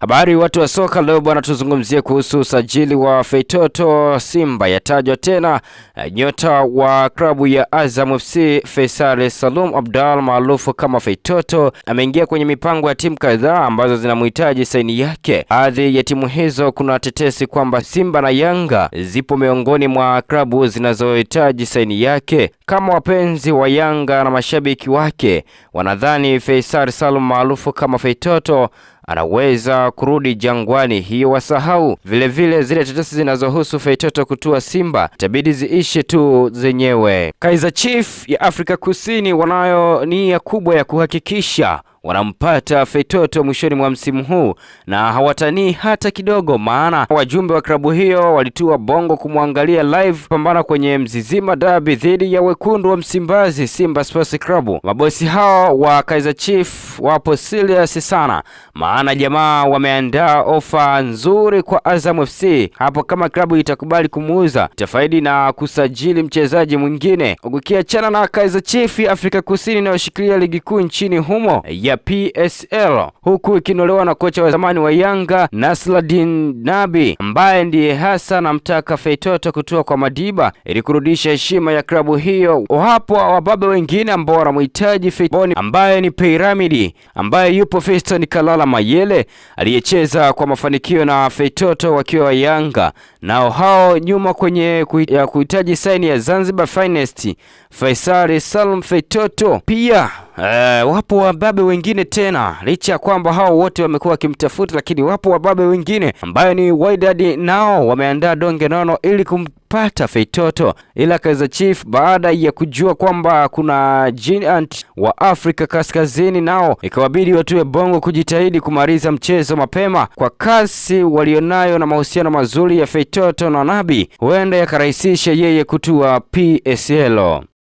Habari watu wa soka leo bwana, tuzungumzie kuhusu usajili wa Feitoto. Simba yatajwa tena eh, nyota wa klabu ya Azam FC Faisal Salum Abdal maarufu kama Feitoto ameingia kwenye mipango ya timu kadhaa ambazo zinamhitaji saini yake. Baadhi ya timu hizo, kuna tetesi kwamba Simba na Yanga zipo miongoni mwa klabu zinazohitaji saini yake. Kama wapenzi wa Yanga na mashabiki wake wanadhani Faisal Salum maarufu kama Feitoto anaweza kurudi Jangwani hiyo wasahau. Vilevile zile tetesi zinazohusu Feitoto kutua Simba itabidi ziishe tu zenyewe. Kaizer Chiefs ya Afrika Kusini wanayo nia kubwa ya kuhakikisha wanampata fetoto mwishoni mwa msimu huu na hawatanii hata kidogo, maana wajumbe wa klabu hiyo walitua Bongo kumwangalia live pambana kwenye Mzizima Derby dhidi ya wekundu wa Msimbazi, Simba Sports Club. Mabosi hao wa Kaizer Chief wapo serious sana, maana jamaa wameandaa ofa nzuri kwa Azam FC. Hapo kama klabu itakubali kumuuza, itafaidi na kusajili mchezaji mwingine. Ukiachana na Kaizer Chief, Afrika Kusini inayoshikilia ligi kuu nchini humo ya ya PSL huku ikinolewa na kocha wa zamani wa Yanga Nasladin Nabi ambaye ndiye hasa anamtaka Feitoto kutoa kwa Madiba ili kurudisha heshima ya klabu hiyo. Wapo wababe wengine ambao wanamhitaji Feitoto ambaye ni Piramidi ambaye yupo Fiston Kalala Mayele aliyecheza kwa mafanikio na Feitoto wakiwa wa Yanga, nao hao nyuma kwenye kuhitaji saini ya Zanzibar Finest Faisal Salum Feitoto pia Uh, wapo wababe wengine tena, licha ya kwamba hao wote wamekuwa wakimtafuta, lakini wapo wababe wengine ambayo ni Wydad, nao wameandaa donge nono ili kumpata Feitoto, ila Kaizer chief baada ya kujua kwamba kuna Giant wa Afrika Kaskazini, nao ikawabidi watue bongo kujitahidi kumaliza mchezo mapema. Kwa kasi walionayo na mahusiano mazuri ya Feitoto na Nabi, huenda yakarahisisha yeye kutua PSL.